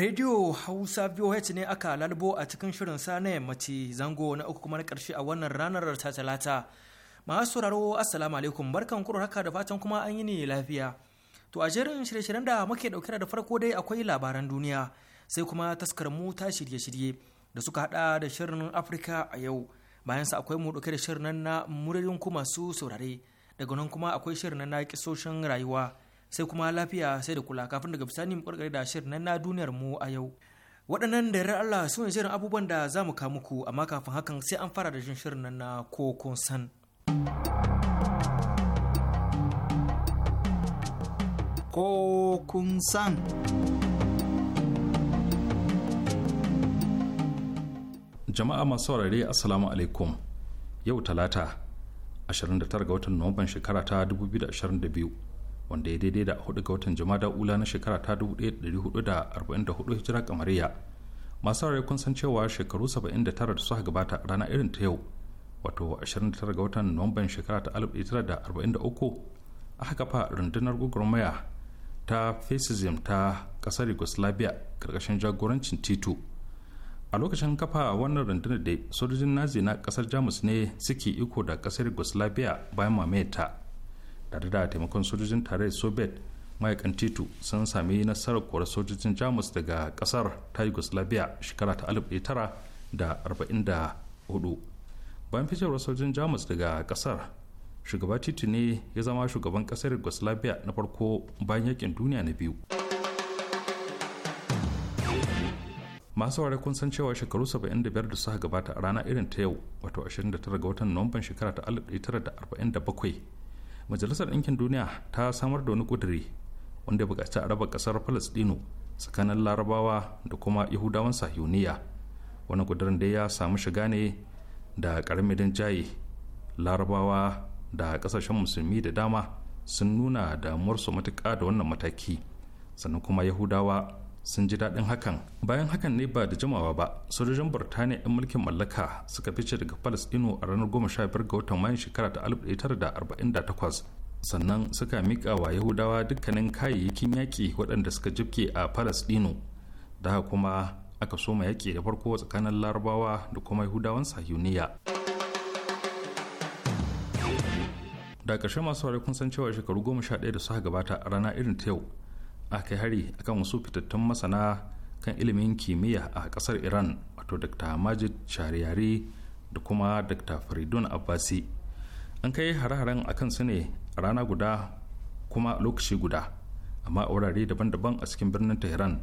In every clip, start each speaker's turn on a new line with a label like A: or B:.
A: Radio Hausa VOH ne aka lalbo a cikin shirin sa na yammaci zango na uku kuma na ƙarshe a wannan ranar ta talata. Masu sauraro Assalamu alaikum barkan kuro haka da fatan kuma an yi ne lafiya. To a jerin shirye-shiryen da muke ɗauke da farko dai akwai labaran duniya sai kuma taskar mu ta shirye-shirye da suka hada da shirin Afirka a yau. Bayan sa akwai mu ɗauke da shirin na muririn kuma masu saurare. Daga nan kuma akwai shirin na kisoshin rayuwa. sai kuma lafiya sai da kula kafin daga bisani mu karkare da shirin na duniyar mu a yau waɗannan da yarar Allah su ne shirin abubuwan da za mu kawo muku amma kafin hakan sai an fara da jin shirin nan na kokon san
B: kokun san
C: jama'a masu saurare assalamu alaikum yau talata 29 ga watan nuwamban shekara ta 2022 wanda ya daidai da hudu ga watan jama'a ula na shekara ta 1444 hijira kamariya masu rai kun san cewa shekaru 79 da suka gabata rana irin ta yau wato 29 ga watan nuwamban shekara ta 1943 aka kafa rundunar gwagwarmaya ta fascism ta kasar yugoslavia karkashin jagorancin tito a lokacin kafa wannan rundunar da sojojin nazi na kasar jamus ne suke iko da kasar yugoslavia bayan ta. tare da taimakon sojojin tarayyar soviet ma'aikan titu sun sami nasarar kora sojojin jamus daga kasar ta yugoslavia shekara ta 1944 bayan ficewar sojojin jamus daga kasar shugaba titu ne ya zama shugaban kasar yugoslavia na farko bayan yakin duniya na biyu masu ware kun san cewa shekaru 75 da suka gabata a rana irin ta yau wato 29 ga watan nuwamban shekara ta 1947 majalisar ɗinkin duniya ta samar da wani ƙuduri wanda buƙaci a raba ƙasar falastinu tsakanin larabawa da kuma yahudawan sahiyuniya wani ƙudirin da ya samu shiga ne da ƙaramin jaye larabawa da ƙasashen musulmi da dama sun nuna damuwarsu matuƙa da wannan mataki sannan kuma yahudawa sun ji daɗin hakan bayan hakan ne ba da jimawa ba sojojin burtaniya 'yan mulkin mallaka suka fice daga ino a ranar 15 ga watan mayun shekara ta 1948 sannan suka miƙa wa yahudawa dukkanin kayayyakin yaƙi waɗanda suka jibke a ino da kuma aka soma yaƙi da farko tsakanin larabawa da kuma yahudawan sahuniya da ƙarshe masu kun san cewa shekaru goma sha ɗaya da suka gabata a rana irin ta yau a kai hari akan wasu fitattun masana kan ilimin kimiyya a kasar iran wato dr majid shariyari da kuma dr faridun abbasi an kai hare-haren a kansu ne a rana guda kuma lokaci guda amma a wurare daban-daban a cikin birnin tehran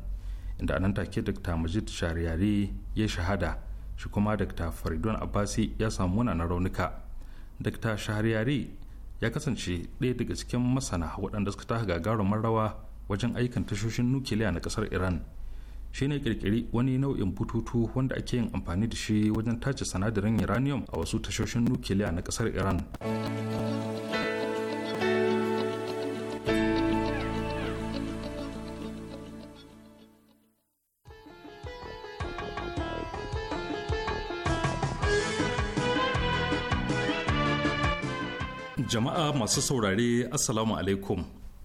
C: inda nan take dr majid shariyari ya shahada shi kuma dr faridun abbasi ya samu na raunuka dr shariyari ya kasance ɗaya daga cikin masana waɗanda suka ta gagarumin rawa wajen aikin tashoshin nukiliya na kasar iran shi ne kirkiri wani nau'in bututu wanda ake yin amfani da shi wajen tace sanadarin uranium a wasu tashoshin nukiliya na kasar iran jama'a masu saurare assalamu alaikum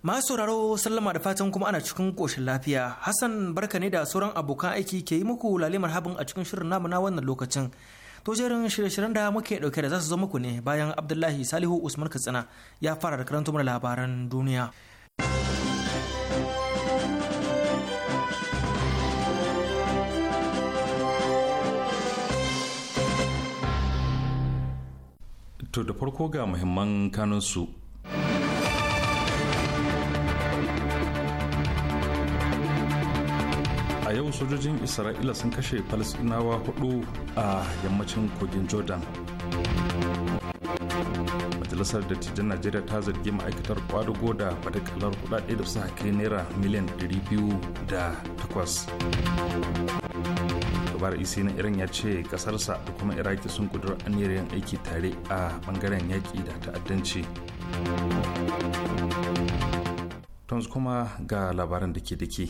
A: Masu sauraro sallama da fatan kuma ana cikin koshin lafiya. Hassan barka ne da sauran abokan aiki ke yi muku lalimar habin a cikin shirin namu na wannan lokacin. To jerin shirye-shiryen da muke dauke da za su zo muku ne bayan Abdullahi Salihu Usman Katsina ya fara da karanto mana labaran duniya.
C: To da farko ga muhimman kanunsu sojojin isra'ila sun kashe falasinawa hudu a yammacin kogin jordan majalisar dattijan najeriya ta zargi ma'aikatar kwadugo da fatakalar kudade da su kai naira miliyan 208 gabar isi na iran ya ce kasarsa da kuma iraki sun kudur aniyar yin aiki tare a bangaren yaƙi da ta'addanci tons kuma ga labaran da ke da ke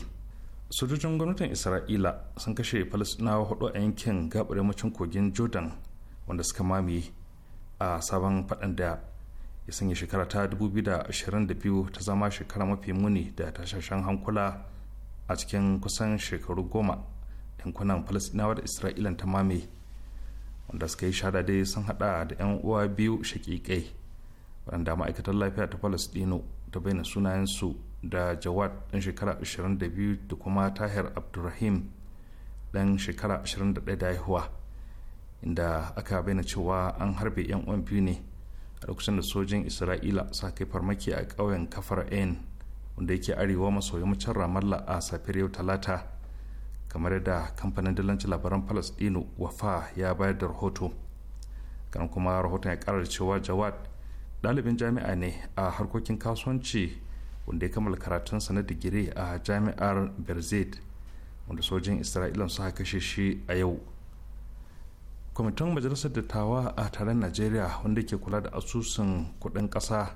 C: sojojin gwamnatin isra'ila sun kashe falasinawa hudu a yankin gabar yammacin kogin jordan wanda suka mamaye a sabon fadan da ya sanya shekara ta 2022 ta zama shekara mafi muni da tashashen hankula a cikin kusan shekaru goma yankunan falasinawa da isra'ilan ta mame wanda suka yi shada dai sun hada da 'yan uwa biyu shakikai waɗanda ma'aikatar lafiya ta falasdino ta bayyana sunayensu da jawad ɗan shekara 22 da kuma tahir abdulrahim ɗan shekara 21 da haihuwa inda aka bayyana cewa an harbe 'yan uwan biyu ne a lokacin da sojin isra'ila sa kai farmaki a ƙauyen kafar ain wanda yake arewa maso yammacin ramalla a safiyar yau talata kamar yadda kamfanin dillancin labaran palestino wafa ya bayar da rahoto kan kuma rahoton ya karar cewa jawad ɗalibin jami'a ne a harkokin kasuwanci wanda ya kammala karatunsa na digiri a jami'ar berzid wanda sojin isra'ila suka kashe shi a yau kwamitin majalisar dattawa a taron najeriya wanda ke kula da asusun kudin kasa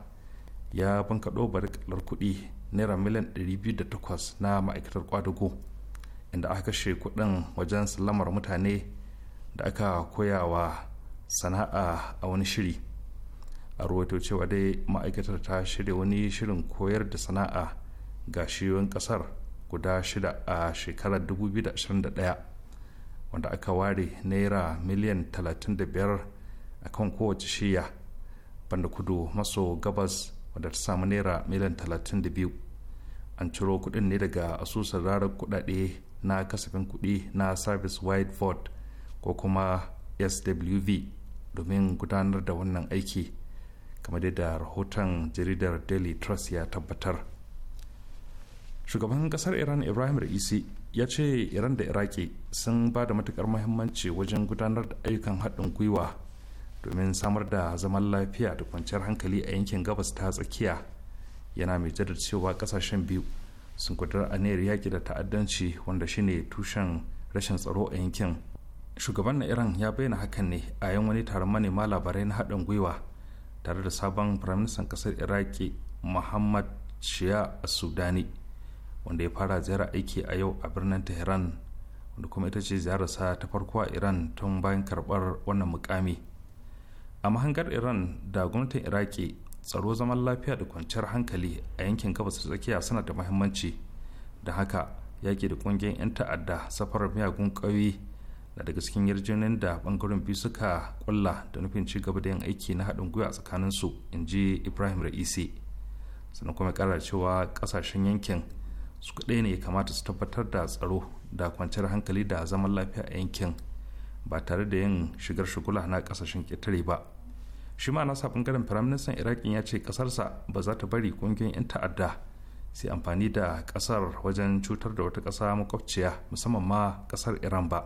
C: ya banka bankaɗo kalar kuɗi naira miliyan 208 na ma'aikatar kwadago inda aka kashe kuɗin wajen sallamar mutane da aka koyawa sana'a a wani shiri a ruwaito cewa dai ma'aikatar ta shirya wani shirin koyar da sana'a ga shiyoyin kasar guda shida a shekarar 2021 wanda aka ware naira miliyan 35 a kan kowace shiya banda kudu maso gabas wadda ta samu naira miliyan 32 an ciro kudin ne daga asusun rarar kudade na kasafin kudi na service wide vote ko kuma swv domin gudanar da wannan aiki kamar da rahoton jaridar daily trust ya tabbatar shugaban kasar iran ibrahim Raisi ya ce iran da iraki sun ba da matukar muhimmanci wajen gudanar da ayyukan haɗin gwiwa domin samar da zaman lafiya da kwanciyar hankali a yankin gabas ta tsakiya yana mai jaddada cewa kasashen biyu sun a aniyar yaƙi da ta'addanci wanda shine tushen rashin tsaro a yankin shugaban na iran ya bayyana hakan ne a yan wani taron manema labarai na haɗin gwiwa tare da sabon firaministan kasar iraki muhammad shia a sudani wanda ya fara ziyara aiki a yau a birnin tehran wanda kuma ita ce ziyararsa ta farko a iran tun bayan karbar wannan mukami a mahangar iran da gwamnatin iraki tsaro zaman lafiya da kwanciyar hankali a yankin gabas tsakiya suna da muhimmanci da haka yaki da kungiyar 'yan ta'adda safarar miyagun ƙauye na daga cikin yarjejeniyar da bangaren biyu suka kulla da nufin ci gaba da yin aiki na haɗin gwiwa tsakanin su in ji ibrahim ra'isi sannan kuma ƙara cewa ƙasashen yankin su kaɗai ne kamata su tabbatar da tsaro da kwanciyar hankali da zaman lafiya a yankin ba tare da yin shigar shugula na ƙasashen ƙetare ba shi ma nasa bangaren firaministan iraƙin ya ce ƙasarsa ba za ta bari ƙungiyoyin 'yan ta'adda sai amfani da ƙasar wajen cutar da wata ƙasa makwabciya musamman ma ƙasar iran ba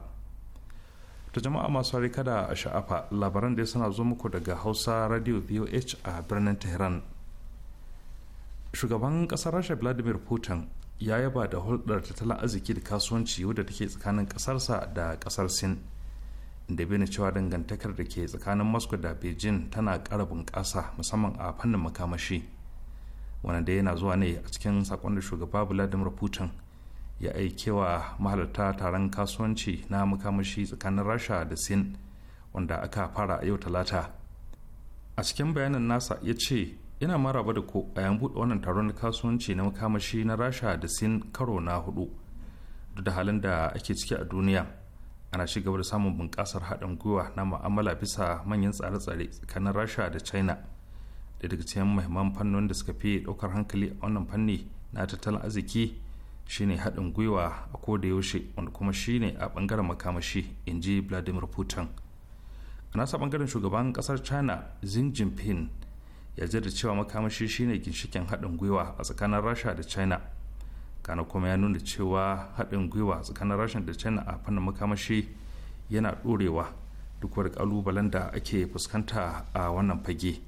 C: to jama'a masu harika kada a sha'afa labaran da suna zo muku daga hausa radio voh a birnin tehran shugaban kasar rasha vladimir putin ya yaba da hulɗar tattalin arziki da kasuwanci wadda take tsakanin kasarsa da kasar sin da bene cewa dangantakar da ke tsakanin moscow da beijing tana ƙara bunƙasa musamman a fannin makamashi wanda yana zuwa ne a cikin sakon da shugaba vladimir putin ya wa mahalarta taron kasuwanci na makamashi tsakanin rasha da sin wanda aka fara a yau talata a cikin bayanan nasa ya ce yana maraba da ko a buɗe wannan taron kasuwanci na makamashi na rasha da sin karo na hudu duk da halin da ake ciki a duniya ana ci gaba da samun bunƙasar haɗin gwiwa na ma'amala bisa manyan tsare-tsare tsakanin rasha da china da daga cikin muhimman fannonin da suka fi ɗaukar hankali a wannan fanni na tattalin arziki shine haɗin gwiwa a koda yaushe wanda kuma shine a ɓangaren makamashi in ji vladimir putin a nasa ɓangaren shugaban ƙasar china xi jinping ya da cewa makamashi shine ginshikin haɗin gwiwa a tsakanin rasha da china kana kuma ya nuna cewa haɗin gwiwa a tsakanin rasha da china a fannin makamashi yana ɗorewa duk wani ƙalubalen da ake fuskanta a wannan fage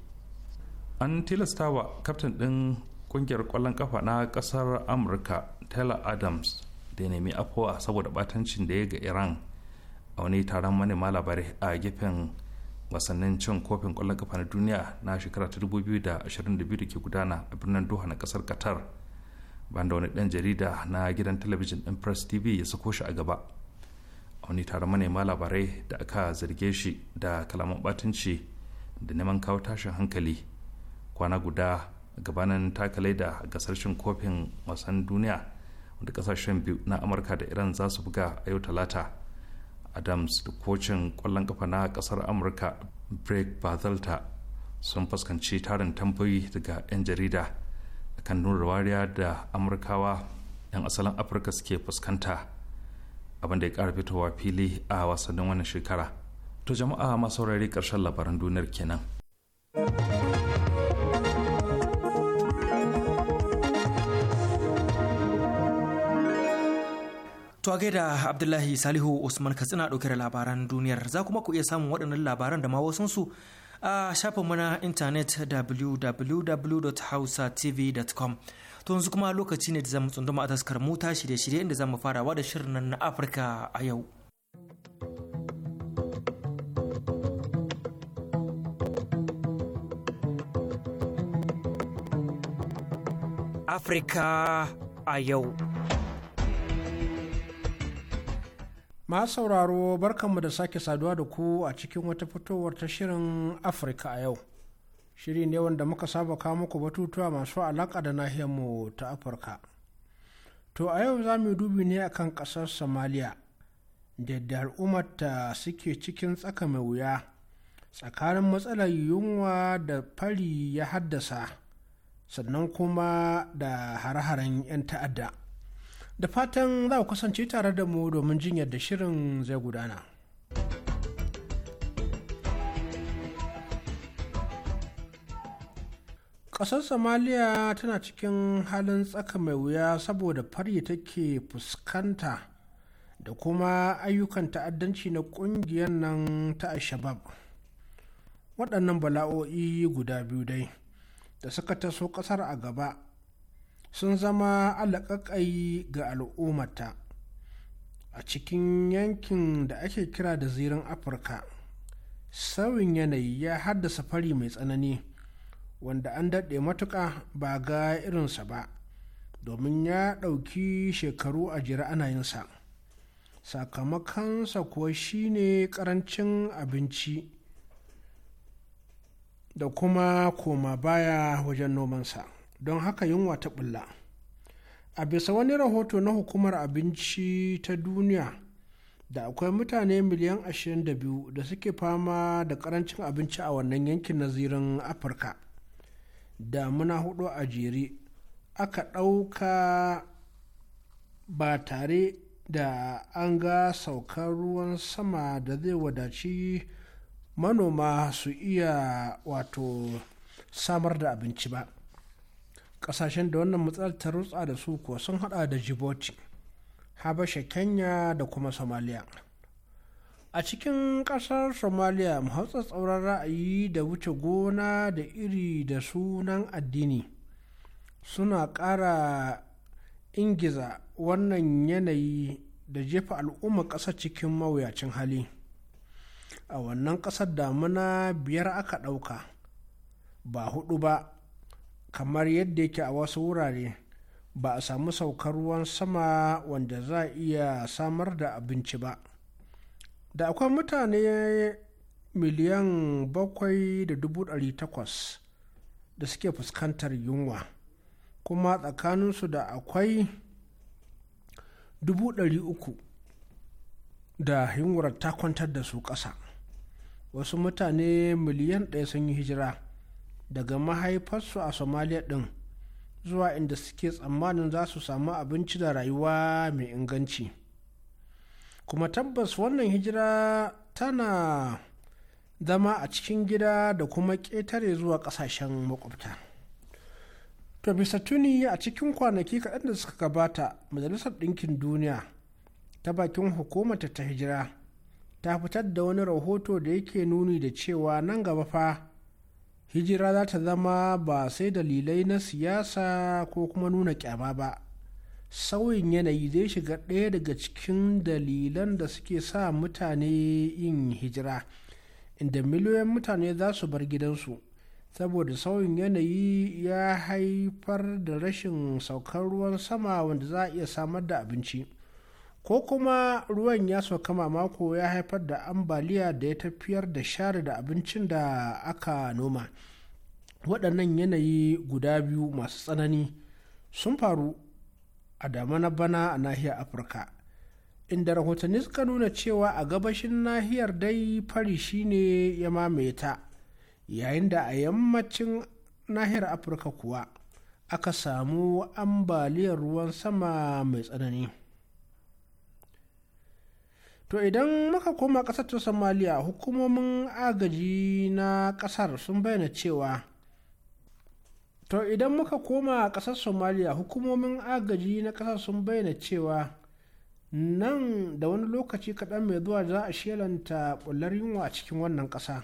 C: an tilasta wa kaftin ɗin ƙungiyar kwallon kafa na ƙasar amurka tel adams da ya nemi afuwa saboda batancin da ya ga iran a wani taron manema labarai a gefen wasannin cin kofin kwallon kafa na duniya na shekara ta 2022 da ke gudana a birnin doha na kasar qatar da wani dan jarida na gidan talabijin din press tv ya sako shi a gaba a wani taron manema labarai da aka zarge shi da kalaman batanci da neman kawo tashin hankali kwana guda gabanin takalai da gasar cin kofin wasan duniya wanda kasashen biyu na amurka da iran za su buga a yau talata adams da kocin kwallon kafa na kasar amurka break bazalta sun fuskanci tarin tambayoyi daga 'yan jarida kan nuna wariya da amurkawa 'yan asalin afirka suke fuskanta abinda ya kara fitowa fili a wasannin wannan shekara to jama'a masu saurari karshen labaran duniyar kenan
A: To a gaida Abdullahi Salihu Usman Katsina ɗauke da labaran duniyar za kuma ku iya samun waɗannan labaran da ma a shafin mana intanet www.hausatv.com to yanzu kuma lokaci ne da zamu tsunduma a taskar mota shirye-shirye inda zamu farawa da shirin nan na Afirka a yau. Afirka a
D: yau. Ma sauraro barkanmu da sake saduwa da ku a cikin wata fitowar ta shirin afirka a yau shiri ne wanda muka saba kawo muku batutuwa masu alaƙa da nahiyarmu ta afirka to a yau za mu dubi ne akan ƙasar somalia da yadda al'ummarta suke cikin tsaka mai wuya tsakanin matsalar yunwa da fari ya haddasa sannan kuma da hare-haren 'yan ta'adda da fatan za ku kasance tare da mu domin jin yadda shirin zai gudana. ƙasar somaliya tana cikin halin tsaka mai wuya saboda fari take fuskanta da kuma ayyukan ta'addanci na ƙungiyar nan ta shabab waɗannan bala'o'i guda biyu dai da suka taso ƙasar a gaba sun zama alaƙaƙai ga al'ummata a cikin yankin da ake kira da zirin afirka sauyin yanayi ya haddasa fari mai tsanani wanda an daɗe matuƙa ba ga irinsa ba domin ya ɗauki shekaru a jira ana yinsa sakamakonsa kuwa shine ƙarancin abinci da kuma koma baya wajen nomansa. don haka yunwa ta bulla a bisa wani rahoto na hukumar abinci ta duniya da akwai mutane miliyan 22 da suke fama da karancin abinci a wannan yankin nazirin afirka da muna hudu a jere aka ɗauka ba tare da an ga saukar ruwan sama da zai wadaci manoma su iya wato samar da abinci ba kasashen da wannan matsalar ta rutsa da su kuwa sun hada da Jiboti, habasha kenya da kuma somalia a cikin kasar somalia mahautsa tsauran ra'ayi da wuce gona da iri da sunan addini suna ƙara ingiza wannan yanayi da jefa al'umma ƙasa cikin mawuyacin hali a wannan ƙasar damuna biyar aka ɗauka ba hudu ba kamar yadda yake a wasu wurare ba a samu saukar ruwan sama wanda za a iya samar da abinci ba da akwai mutane miliyan bakwai da dubu ɗari takwas da suke fuskantar yunwa kuma tsakaninsu da akwai dubu ɗari uku da yunwar ta kwantar da su ƙasa wasu mutane miliyan ɗaya sun yi hijira daga mahaifarsu a somaliya ɗin zuwa inda suke tsammanin za su samu abinci da rayuwa mai inganci kuma tabbas wannan hijira tana zama a cikin gida da kuma ƙetare zuwa ƙasashen makwabta to bisa tuni a cikin kwanaki kaɗan da suka gabata majalisar ɗinkin duniya ta bakin hukumata ta hijira ta fitar da wani rahoto da yake nuni da cewa nan gaba fa hijira za ta zama ba sai dalilai na siyasa ko kuma nuna kyama ba sauyin yanayi zai shiga ɗaya daga cikin dalilan da suke sa mutane yin hijira inda miliyoyin mutane za su bar gidansu saboda sauyin yanayi ya haifar da rashin saukar ruwan sama wanda za a iya samar da abinci ko kuma ruwan ya sauka mako ya haifar da ambaliya da ya tafiyar da share da abincin da aka noma waɗannan yanayi guda biyu masu tsanani sun faru a damana bana a nahiyar afirka inda rahotanni suka nuna cewa a gabashin nahiyar dai fari shine ya mamaye ta yayin da a yammacin nahiyar afirka kuwa aka samu ambaliyar ruwan sama mai tsanani to idan muka koma ƙasar ta somaliya hukumomin agaji na ƙasar sun bayyana cewa to idan muka koma ƙasar somaliya hukumomin agaji na kasar sun bayyana cewa nan da wani lokaci kaɗan mai zuwa za a shelanta ɓullar yunwa a cikin wannan ƙasa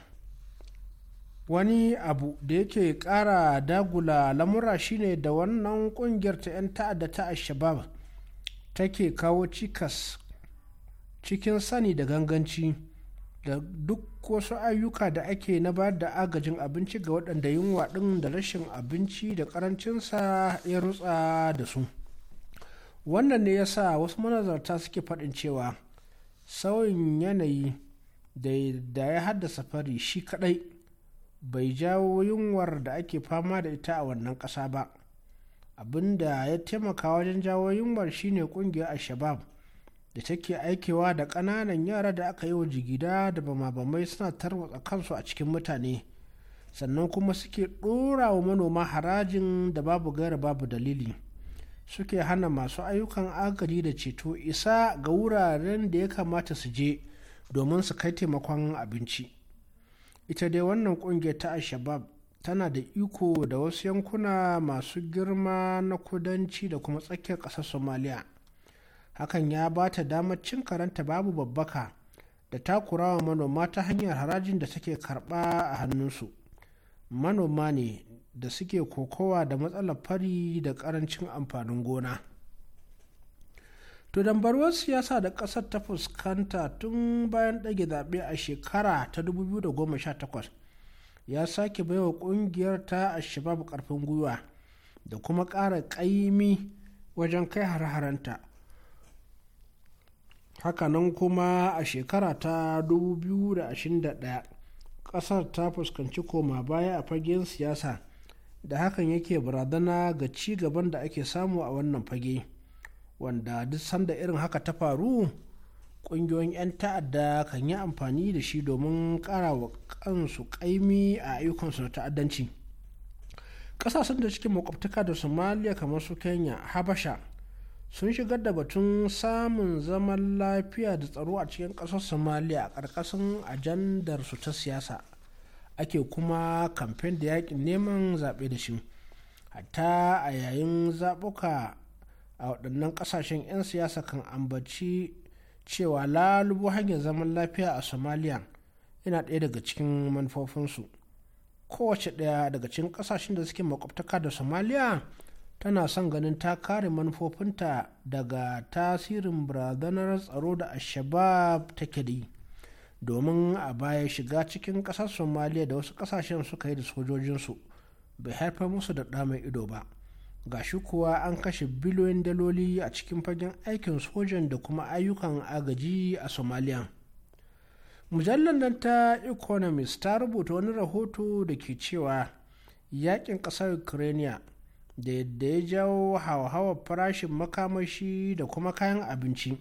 D: wani abu da yake ƙara dagula lamura shine da wannan ƙungiyar ta 'yan ta'adda ta al take kawo cikas cikin sani da ganganci da duk wasu ayyuka da ake na ba da agajin abinci ga waɗanda yunwa ɗin da rashin abinci da ƙarancinsa ya rutsa da su wannan ne ya sa wasu manazarta suke faɗin cewa sauyin yanayi da ya haddasa fari shi kaɗai bai jawo yunwar da ake fama da ita a wannan ƙasa ba abinda ya taimaka wajen jawo yunwar shine ƙungiyar al da take aikewa da ƙananan yara da aka yi wa jigida da bama-bamai suna tarwatsa kansu a cikin mutane sannan kuma suke ɗora wa manoma harajin da babu gaira babu dalili suke hana masu ayyukan agaji da ceto isa ga wuraren da ya kamata su je domin su kai taimakon abinci ita dai wannan ƙungiyar ta shabab tana da iko da wasu yankuna masu girma na kudanci da kuma tsakiyar ƙasar Somalia. hakan ya ba ta damar cin karanta babu babbaka da takurawa manoma ta hanyar harajin da suke karɓa a hannunsu manoma ne da suke kokowa da matsalar fari da ƙarancin amfanin gona to barwar siyasa da ƙasar ta fuskanta tun bayan ɗage zaɓe a shekara ta 2018 ya sake baiwa ƙungiyar ta a shabab ƙarfin gwiwa da kuma ƙara ƙaimi wajen kai har-haranta hakanan kuma a shekara ta 2021 kasar ta fuskanci koma baya a fagen siyasa da hakan yake barazana ga ci gaban da ake samu a wannan fage wanda duk sanda irin haka ta faru ƙungiyoyin 'yan ta'adda kan yi amfani da shi domin kara wa kansu kaimi a ayyukansu na ta'addanci ƙasashen da cikin makwabtaka da somaliya kamar su kenya habasha sun shigar da batun samun zaman lafiya da tsaro a cikin ƙasar somalia a ƙarƙashin ajandar su ta siyasa ake kuma kamfen da yakin neman zaɓe da shi hatta a yayin zaɓuka a waɗannan ƙasashen 'yan siyasa kan ambaci cewa lalubo hanyar zaman lafiya a somalia yana ɗaya daga cikin manufofinsu kowace ɗaya daga cikin ƙasashen da suke makwabtaka da somaliya tana son ganin ta kare manufofinta daga tasirin barazanar tsaro da ashabab take da yi domin a baya shiga cikin ƙasar somaliya da wasu ƙasashen suka yi da sojojinsu bai haifar musu da ɗa ido ba ga shi kuwa an kashe biliyoyin daloli a cikin fagen aikin sojan da kuma ayyukan agaji a somaliya mujallar nan ta economist ta rubuta wani rahoto da ke cewa yakin ƙasar ukraine da yadda ya jawo hauhawar farashin makamashi da kuma kayan abinci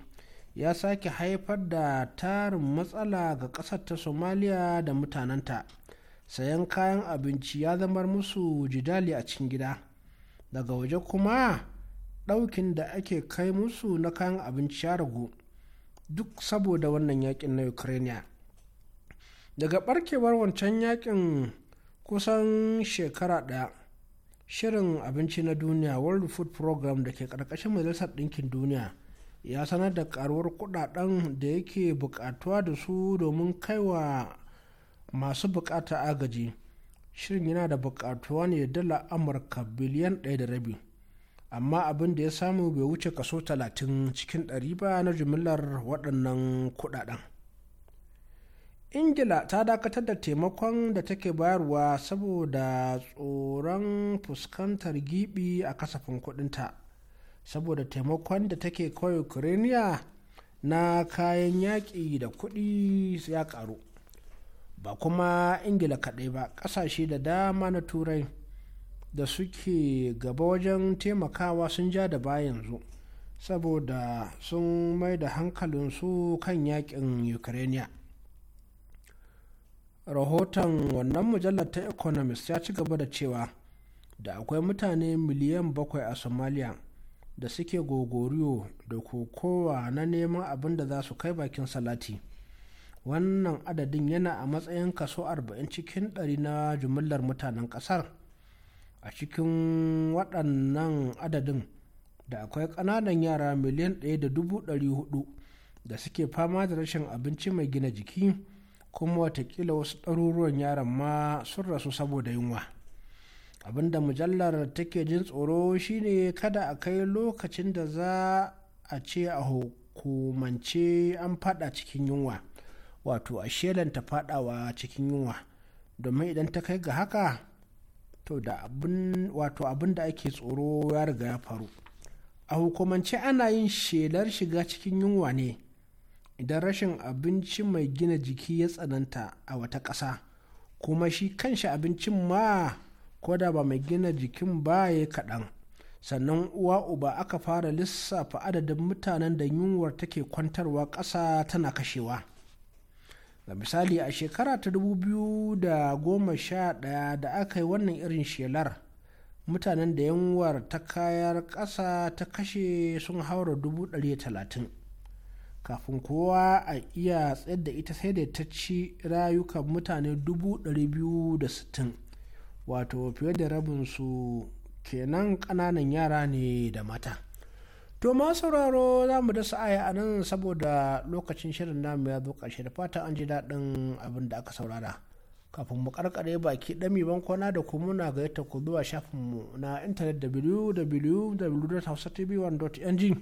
D: ya sake haifar da tarin matsala ga ƙasar ta somaliya da mutanenta sayan kayan abinci ya zama musu jidali a cikin gida daga waje kuma ɗaukin da ake kai musu na kayan abinci ya ragu duk saboda wannan yakin na ukraine daga barkewar wancan yakin kusan shekara ɗaya shirin abinci na duniya world food program da ke karkashin majalisar ɗinkin duniya ya sanar da karuwar kudaden da yake bukatuwa da su domin kaiwa masu bukata agaji shirin yana da bukatuwa ne da dala amurka biliyan ɗaya da rabi amma abin da ya samu bai wuce kaso 30 cikin 100 ba na jimillar waɗannan kudaden. ingila ta dakatar da taimakon da take bayarwa saboda tsoron fuskantar gibi a kasafin kudinta saboda taimakon da take kawai ukraine na kayan yaƙi da kuɗi ya karu ba kuma ingila kaɗai ba ƙasashe da dama na turai da suke gaba wajen taimakawa sun ja da ba yanzu saboda sun mai da hankalinsu kan yaƙin ukraine rahoton wannan mujallar ta economist ya ci gaba da cewa da akwai mutane miliyan bakwai a somalia da suke gogoriyo da kokowa na neman abin da za su kai bakin salati wannan adadin yana a matsayin kaso 40 cikin 100 na jumillar mutanen kasar a cikin waɗannan adadin da akwai ƙananan yara miliyan 1.400 da suke fama da rashin abinci mai gina jiki kuma watakila wasu ɗaruruwan yaran ma sun rasu saboda yunwa abinda mujallar take jin tsoro shine kada a kai lokacin da za a ce a hukumance an fada cikin yunwa wato a shelanta fadawa cikin yunwa domin idan ta kai ga haka to da abin wato abin da ake tsoro ya riga ya faru a hukumance ana yin shelar shiga cikin yunwa ne idan rashin abinci mai gina jiki ya tsananta a wata ƙasa kuma shi kanshi abincin ma ko da ba mai gina jikin ba ya kaɗan sannan uwa uba aka fara lissafa adadin mutanen da yunwar take kwantarwa ƙasa tana kashewa ga misali a shekara ta 2011 da aka yi wannan irin shelar mutanen da yunwar ta kayar ƙasa ta kashe sun haura 130 kafin kowa a iya tsayar da ita sai da ta ci rayukan mutane 260 wato fiye da rabin su kenan kananan yara ne da mata to ma sauraro za mu dasa aya a nan saboda lokacin shirin namu ya zo ƙarshe da fata an ji daɗin abin da aka saurara kafin mu karkare baki ɗami bankona da kuma muna ga yadda ku zuwa shafinmu na intanet www.hausatv1.ng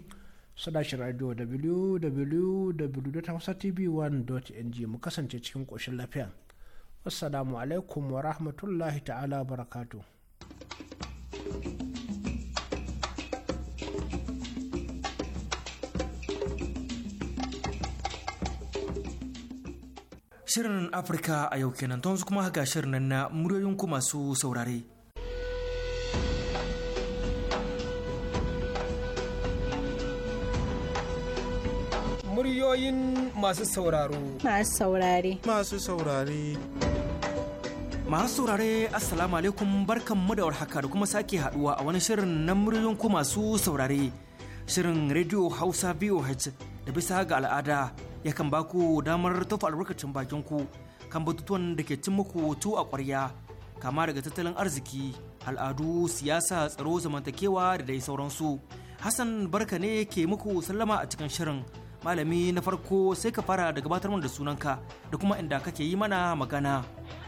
D: sadashin radio www.hausatv1.ng mu kasance cikin ƙoshin lafiya. Assalamu alaikum wa rahmatullahi ta'ala barakatu.
A: Shirin Afirka a yau kenan, to kuma ga shirin na muryoyinku masu saurare. muryoyin masu sauraro. Masu saurare. Masu saurare. Masu saurare Assalamu alaikum barkanmu da warhaka da kuma sake haduwa a wani shirin na muryoyin ku masu saurare. Shirin Radio Hausa VOH da bisa ga al'ada yakan baku damar tofa albarkacin bakin ku kan batutuwan da ke cin muku tu a ƙwarya kama daga tattalin arziki, al'adu, siyasa, tsaro, zamantakewa da dai sauransu. Hassan barka ne ke muku sallama a cikin shirin. malami na farko sai ka fara da gabatar mana da sunanka
B: da kuma inda kake yi mana magana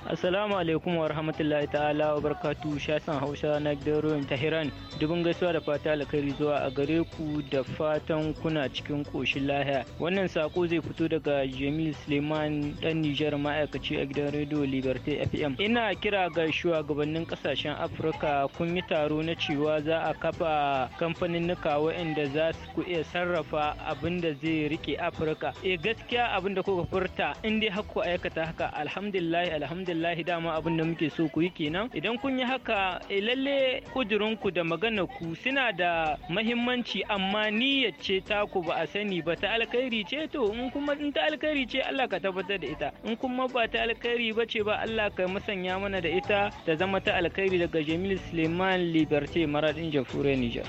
B: Assalamu alaikum wa rahmatullahi ta'ala wa barkatu shasan Hausa na Gidan Tahiran. Dubin gaisuwa da fata alkhairi zuwa a gare ku da fatan kuna cikin koshin lahiya. Wannan sako zai fito daga Jamil Suleiman dan Nijar ma'aikaci a gidan Radio Liberty FM. Ina kira ga shugabannin kasashen Afirka kun yi taro na cewa za a kafa nuka waɗanda za su ku iya sarrafa abin da zai rike Afirka. Eh gaskiya abinda kuka furta in dai hakku aikata haka alhamdulillah alhamdulillah lillahi dama abin da muke so ku yi kenan idan kun yi haka eh, lalle kudurinku da maganar ku suna da mahimmanci amma niyyar ce taku ba a sani ba ta alkhairi ce to in kuma in ta alkhairi ce Allah ka tabbatar da ita in kuma ba ta alkhairi ba ce ba Allah ka musanya mana da ita ta zama ta alkhairi daga Jamil Suleiman Liberté Maradin Jafure Niger.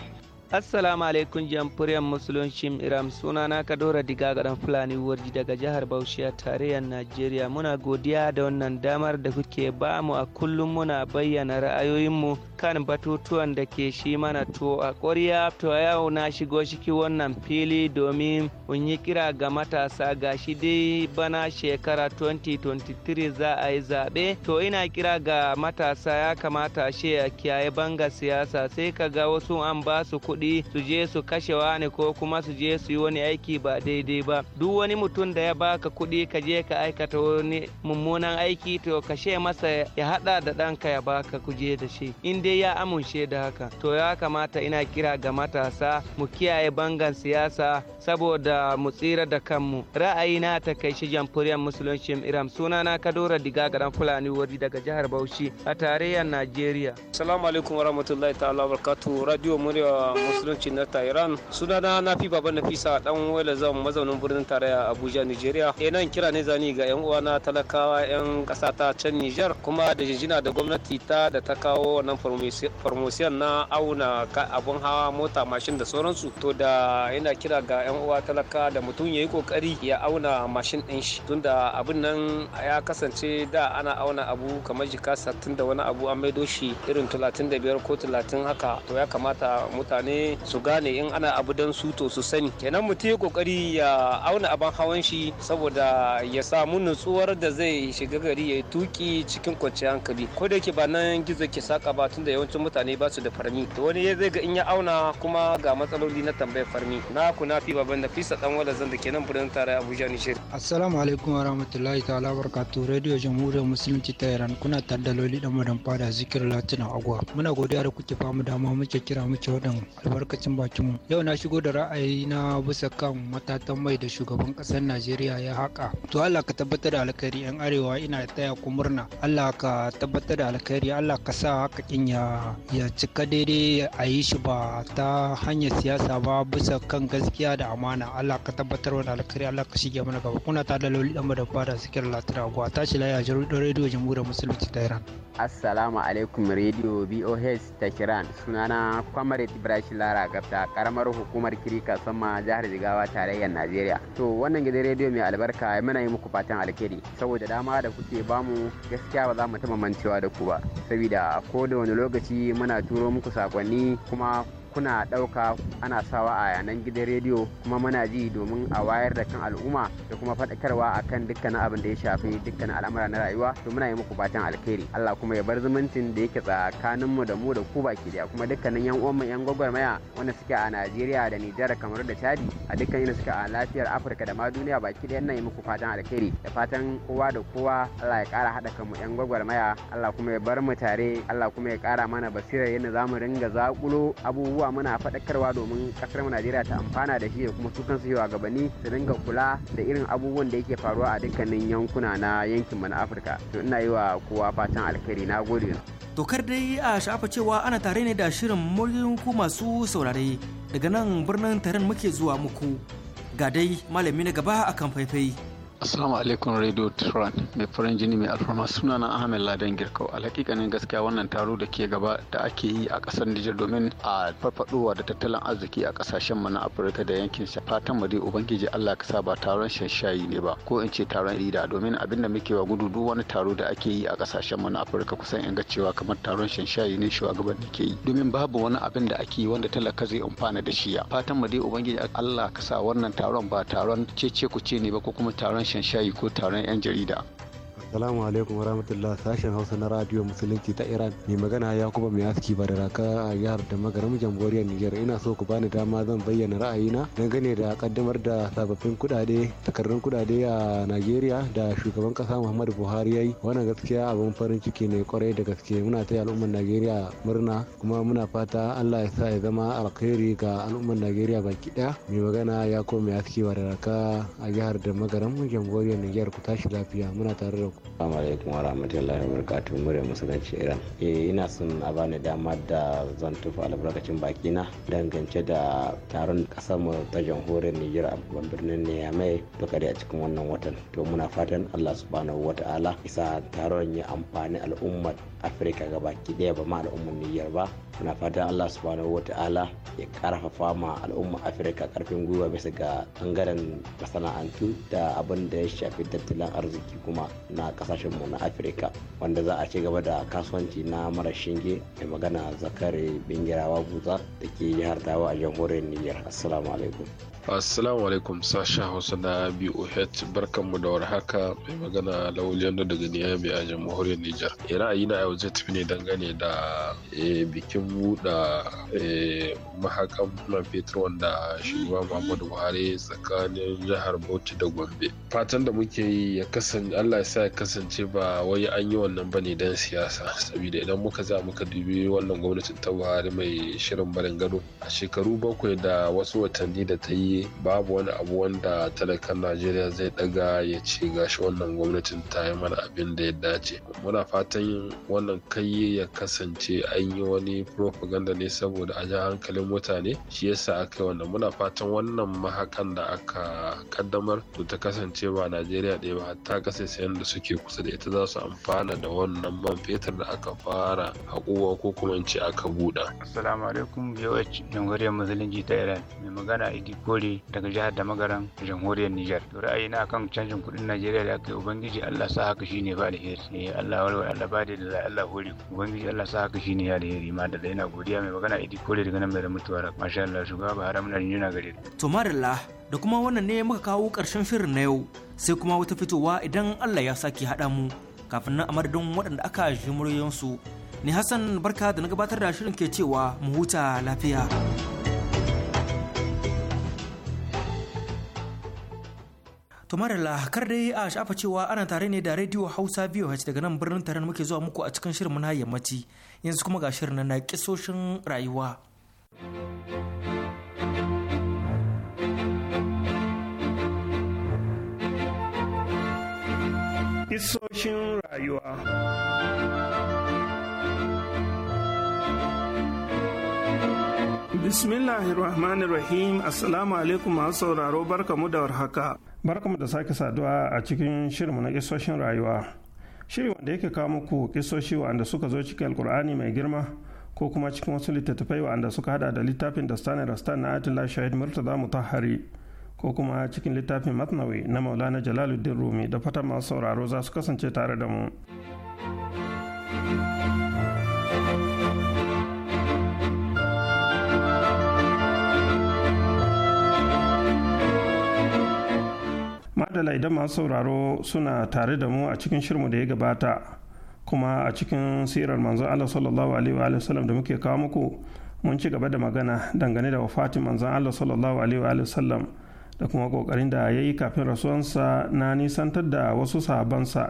B: Assalamu alaikum jamhuriyar
E: musuluncin Iram suna na Kadora Diga garan Fulani Warji daga jihar Bauchi a tarayyar Najeriya muna godiya da wannan damar da kuke ba mu a kullum muna bayyana ra'ayoyinmu kan batutuwan da ke shi mana to a ƙwarya to yau na shigo shiki wannan fili domin in yi kira ga matasa gashi dai bana shekara 2023 za a yi zaɓe to ina kira ga matasa ya kamata a kiyaye banga siyasa sai ka ga wasu an ba su kuɗi kuɗi su je su kashe wani ko kuma su je su yi wani aiki ba daidai ba duk wani mutum da ya baka kuɗi ka je ka aikata wani mummunan aiki to kashe masa ya hada da ɗanka ya baka kuje da shi in dai ya amince da haka to ya kamata ina kira ga matasa mu kiyaye bangan siyasa saboda mu tsira da kanmu ra'ayina ta kai shi jamhuriyar musulunci iram sunana kadora diga garan fulani wari daga jihar bauchi a tarayyar najeriya
F: assalamu alaikum warahmatullahi ta'ala barkatu radio murya musulunci na Tehran sunana Nafi Baba Nafisa dan wela zan mazaunin birnin tarayya Abuja Nigeria eh nan kira ne zani ga yan uwana talakawa yan kasa ta can Niger kuma da jinjina da gwamnati ta da ta kawo wannan promotion na auna abun hawa mota mashin da sauransu to da yana kira ga yan uwa talaka da mutum yayi kokari ya auna mashin din shi tunda abin nan ya kasance da ana auna abu kamar jika 60 da wani abu an maido shi irin 35 ko 30 haka to ya kamata mutane mutane su gane in ana abu don su to su sani kenan mutum ya kokari ya auna aban hawan shi saboda ya samu nutsuwar da zai shiga gari ya tuki cikin kwanciyar hankali ko da yake ba nan gizo ke saka ba tunda yawancin mutane ba su da farmi to wani ya zai ga in ya auna kuma ga matsaloli na tambayar farmi na ku na fi baban da fisa dan wala zan da kenan birnin tare Abuja Nijar assalamu alaikum wa rahmatullahi ta'ala barkatu radio jamhuriyar musulunci ta Iran kuna tare da loli da madan fada zikir latina agwa muna godiya da kuke famu dama muke kira muke wadan albarkacin bakinmu yau na shigo da ra'ayi na bisa kan matatan mai da shugaban kasar najeriya ya haka to allah ka tabbatar da alkhairi yan arewa ina taya ku murna allah ka tabbatar da alkhairi allah ka sa haƙaƙin ya ya cika daidai a yi shi ba ta hanyar siyasa ba bisa kan gaskiya da amana allah ka tabbatar da alkhairi allah ka shige mana gaba kuna ta da lauli da fara sikir latira gwa tashi laya jaridar rediyo jamhuriyar musulunci ta iran
G: assalamu alaikum rediyo boh ta kiran sunana kwamar ibrahim lara gafta karamar hukumar kirika sama jihar jigawa tarayyar najeriya to wannan gidan rediyo mai albarka muna yi muku fatan alkhairi saboda dama da kuke bamu gaskiya ba za mu taɓa mancewa da ku ba saboda ko da wani lokaci muna turo muku sakonni kuma kuna ɗauka ana sawa a yanan gidan rediyo kuma muna ji domin a wayar da kan al'umma da kuma faɗakarwa kan dukkanin abin da ya shafi dukkanin al'amura na rayuwa to muna yi muku fatan alkhairi Allah kuma ya bar zumuncin da yake tsakanin mu da mu da ku baki daya kuma dukkanin yan uwan mu yan gwagwarmaya wanda suke a Najeriya da Nijar kamar da Chadi a dukkan inda suke a lafiyar Afirka da ma duniya baki daya yana yi muku fatan alkhairi da fatan kowa da kowa Allah ya kara haɗa kanmu yan gwagwarmaya Allah kuma ya bar mu tare Allah kuma ya kara mana basirar yadda za mu ringa zakulo abubuwa zuwa muna faɗakarwa domin ƙasar mu Najeriya ta amfana da shi da kuma su kansu gabani su dinga kula da irin abubuwan da yake faruwa a dukkanin yankuna na yankin mu na Afirka to ina yi wa kowa fatan alkhairi na gode
A: Dokar dai a shafa cewa ana tare ne da shirin muryoyin ku masu saurare daga nan birnin taron muke zuwa muku ga dai malami na gaba akan faifai. Assalamu alaikum Radio
G: Tehran mai farin jini mai alfarma suna na Ahmed Ladan Girkau a ne gaskiya wannan taro da ke gaba da ake yi a kasar Niger domin a farfadowa da tattalin arziki a kasashen mu na Afirka da yankin sa fatan mu dai ubangiji Allah ka sa ba taron shanshayi ne ba ko in ce taron rida domin abin da muke wa gudu duk wani taro da ake yi a kasashen mu na Afirka kusan in ga cewa kamar taron shanshayi ne shugaban da ke yi domin babu wani abin da ake yi wanda talaka zai amfana da shi ya fatan mu dai ubangiji Allah ka sa wannan taron ba taron cece ku ce ne ba ko kuma taron sashen shayi ko taron 'yan jarida Assalamu alaikum rahmatullah sashen Hausa na Radio Musulunci ta Iran. Mai magana ya kuma
D: mai aski ba da raka a da magarin jamhuriyar Niger. Ina so ku bani dama zan bayyana ra'ayina dangane da kaddamar da sababbin kudade takardun kudade a Najeriya da shugaban kasa Muhammadu Buhari yayi. Wannan gaskiya abin farin ciki ne kwarai da gaske. Muna taya al'ummar Najeriya
G: murna kuma muna fata Allah ya sa ya zama alkhairi ga al'ummar Najeriya baki daya. Mai magana ya kuma mai aski ba da raka a jihar da magarin jamhuriyar Nijar ku tashi lafiya. Muna tare da Assalamu alaikum wa rahmatullahi wa barakatu murya musulunci Iran. Eh ina son a bani dama da zan tufa albarkacin bakina dangance da taron kasar mu ta jamhuriyar niger a babban birnin Niamey duka a cikin wannan watan. To muna fatan Allah subhanahu wa ta'ala isa taron ya amfani al'ummar afirka gabaki daya ba ma al'ummar niyyar ba muna fatan allah subhanahu wa ta'ala ya karfafa ma al'ummar afirka karfin gwiwa bisa ga bangaren masana'antu da abin da ya shafi tattalin arziki kuma na kasashen mu na afirka wanda za a ci gaba da kasuwanci na mara shinge da magana zakari bingirawa buza da ke jihar dawa a jamhuriyar niyyar assalamu alaikum
H: Assalamu alaikum sasha Hausa na BOH barkanmu da warhaka mai magana lauliyan da daga Niyami a jamhuriyar Nijar. Eh, Ra'ayi na yau zai tafi ne dangane da eh, bikin buɗa eh, mahakan man fetur wanda shugaban Muhammadu Buhari tsakanin jihar Bauchi da Gombe. Fatan da muke yi ya kasance Allah ya sa ya kasance ba wai an yi wannan ne dan siyasa saboda idan muka za muka dubi wannan gwamnatin ta Buhari mai shirin barin gado a shekaru bakwai da wasu watanni da ta yi babu wani abu wanda talakan najeriya zai daga ya ce gashi wannan gwamnatin ta yi mana abin da ya dace muna fatan wannan kai ya kasance an yi wani propaganda ne saboda a ja hankalin mutane shi yasa aka yi wannan muna fatan wannan mahakan da aka kaddamar to ta kasance ba najeriya ɗaya ba hatta kasashen da suke kusa da ita za su amfana da wannan man fetur da aka fara haƙowa ko kuma in ce aka buɗa.
G: assalamu alaikum jamhuriyar musulunci ta iran mai magana idi kore kuɗi daga jihar Damagaran jamhuriyar Nijar. To na kan canjin kuɗin Najeriya da aka yi Ubangiji Allah sa haka shine ba alheri. Eh Allah warwa Allah ba da Allah hori. Ubangiji Allah sa haka shine ya alheri ma da ina godiya mai magana Idi Kore daga nan mai da mutuwar. Masha Allah shugaba Haram na Rinjuna gare.
A: To marilla da kuma wannan ne muka kawo ƙarshen shirin na yau sai kuma wata fitowa idan Allah ya sake haɗa mu kafin nan a madadin waɗanda aka ji muryoyinsu. Ni Hassan barka da na gabatar da shirin ke cewa mu huta lafiya. To marilla kar dai a shafa cewa ana tare ne da Radio Hausa VOH daga nan birnin taron muke zuwa muku a cikin shirin na yammaci yanzu kuma ga shirin na kisoshin rayuwa.
I: Kisoshin rayuwa. Bismillahirrahmanirrahim Assalamu alaikum masu sauraro barkamu da warhaka. Barkamu da sake saduwa a cikin shirinmu na kisoshin rayuwa. Shiri wanda yake kawo muku kisoshi wanda suka zo cikin Alkur'ani mai girma ko kuma cikin wasu littattafai wanda suka hada da littafin da Stan Rastan na Atila Shahid Murtaza Mutahari ko kuma cikin littafin Matnawi na Maulana Jalaluddin Rumi da fatan masu sauraro za su kasance tare da mu. madala idan masu sauraro suna tare da mu a cikin shirmu da ya gabata kuma a cikin sirar manzon Allah sallallahu alaihi wa sallam da muke kawo muku mun ci gaba da magana dangane da wafatin manzon Allah sallallahu alaihi wa sallam da kuma kokarin da ya yi kafin rasuwansa na nisantar da wasu sa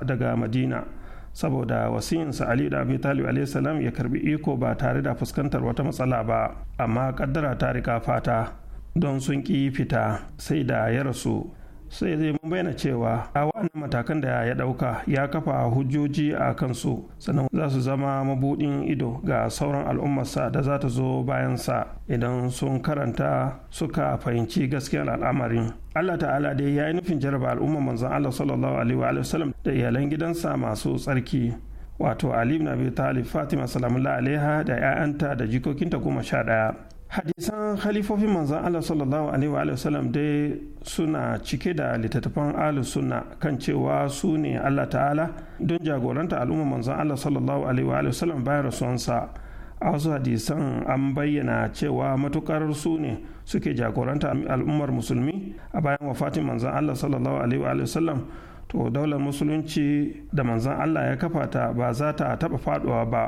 I: daga madina saboda wasiyinsa ali da abi talib alaihi salam ya karbi iko ba tare da fuskantar wata matsala ba amma kaddara ta rika fata don sun ki fita sai da ya rasu sai zai mun bayyana cewa a wannan matakan da ya dauka ya kafa hujjoji a kansu sannan za su zama mabudin ido ga sauran al'ummarsa da za ta zo bayansa idan sun karanta suka fahimci gaskiyar al'amarin Allah ta'ala dai ya yi nufin jaraba al'ummar manzan Allah sallallahu alaihi wa sallam da iyalan gidansa masu tsarki wato Ali ibn Abi Talib Fatima sallallahu alaiha da 'ya'yanta da jikokinta goma sha ɗaya hadisan halifofin manzan Allah sallallahu alaihi wa sallam dai suna cike da littattafan ahlus sunna kan cewa su ne Allah ta'ala don jagoranta al'umma manzan Allah sallallahu alaihi wa sallam bayan rasuwansa a wasu hadisan an bayyana cewa matukar su ne suke jagoranta al'ummar musulmi a bayan wafatin manzan Allah sallallahu alaihi wa sallam to daular musulunci da manzan Allah ya kafa ta ba za ta taba faduwa ba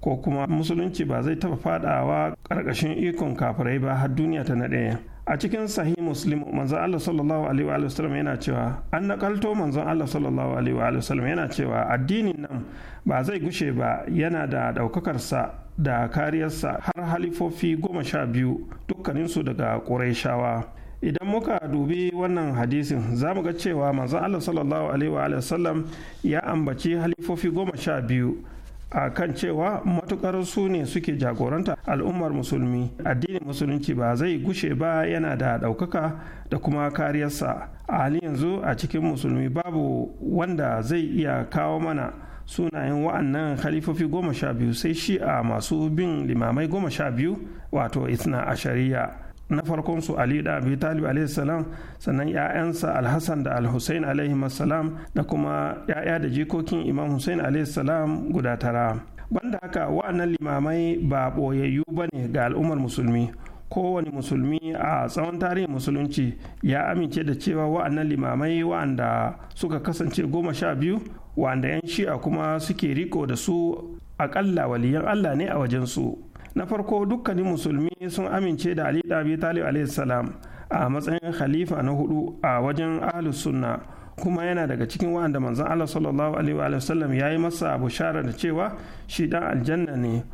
I: ko kuma musulunci ba zai taɓa fadawa ƙarƙashin ikon kafirai ba har duniya ta naɗe a cikin sahih muslim manzon Allah sallallahu alaihi wa sallam yana cewa an nakalto manzon Allah sallallahu alaihi wa sallam yana cewa addinin nan ba zai gushe ba yana da ɗaukakarsa da kariyarsa har halifofi goma sha biyu dukkaninsu daga ƙurayshawa idan muka dubi wannan hadisin za mu ga cewa manzon Allah sallallahu alaihi wa sallam ya ambaci halifofi goma sha biyu a kan cewa matukar su ne suke jagoranta al'ummar musulmi addinin musulunci ba zai gushe ba yana da ɗaukaka da kuma kariyarsa a halin yanzu a cikin musulmi babu wanda zai iya kawo mana sunayen wa'annan khalifofi goma sha biyu sai shi a masu bin limamai goma sha biyu wato isna shari'a na farkon su Ali da Abi Talib Alayhi salam sannan ƴaƴansa Al-Hasan da al Hussein alayhi salam da kuma ƴaƴa da jikokin Imam Hussein Alayhi salam guda tara banda haka wa'annan limamai ba boyayyu bane ga al'ummar musulmi kowane musulmi a tsawon tarihin musulunci ya amince da cewa wa'annan limamai wa'anda suka kasance goma sha biyu wa'anda 'yan shi'a kuma suke riko da su akalla waliyan Allah ne a wajensu na farko dukkanin musulmi sun amince da ali dabi talib alaihissalam a matsayin khalifa na hudu a wajen ahlus sunna kuma yana daga cikin wa'anda manzon Allah sallallahu alaihi wa sallam ya yi masa bushara da cewa shi dan aljanna ne